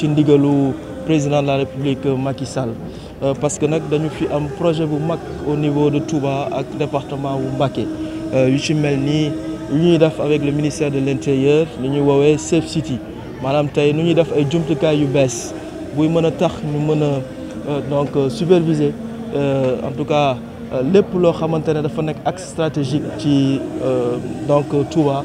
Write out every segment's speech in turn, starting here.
suis le président de la république euh, Macky Sall euh, parce que nous projet au niveau de Touba le département de Mbake. Euh, avec le ministère de l'intérieur nous Safe City Madame avons nous un superviser en tout cas lépp axe stratégique qui donc Touba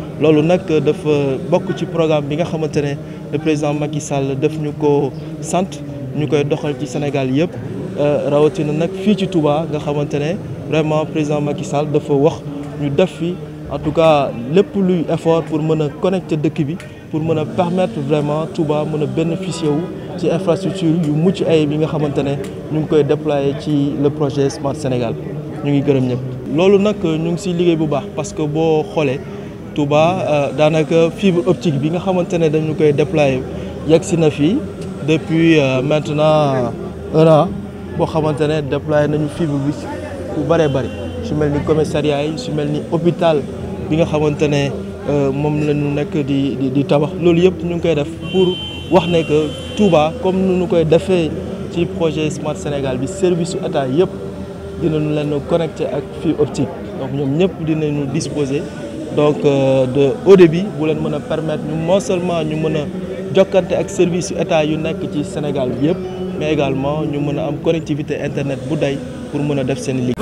loolu nak dafa bokku ci programme bi nga xamantene le président Macky Sall def ñuko ko ñukoy doxal ci Sénégal yëpp euh, rawatina nak fi ci Touba nga xamantene vraiment président Macky Sall dafa wax ñu def fi en tout cas lepp luy effort pour mën connecter dëkk bi pour mën permettre vraiment Touba mën a bénéficier wu ci infrastructure yu mucc ay bi nga xamantene ne ñu koy déployer ci le projet Smart Sénégal ñu ngi gërëm ñëpp. loolu nak ñu ngi siy liggéey bu baax parce que bo xolé Touba euh, danaka fibre optique bi nga xamantene dañu koy déployer yegg si na fii depuis euh, maintenant un an boo xamante déployer nañu fibre bi bu bëree bëri su melni commissariat yi su melni hôpital bi nga xamantene ne euh, moom la ñu di di tabax loolu yépp ñu koy def pour wax ne que Touba comme nu ñu koy défé ci projet Smart Sénégal bi service su état yëpp dinañu leen connecter ak fibre optique donc ñoom ñëpp dinañu disposer donc euh, de haut débit vous leen nous permettre non seulement ñu mën a jokkante ak service état yu Sénégal mais également ñu mën une connectivité internet bu pour mën a def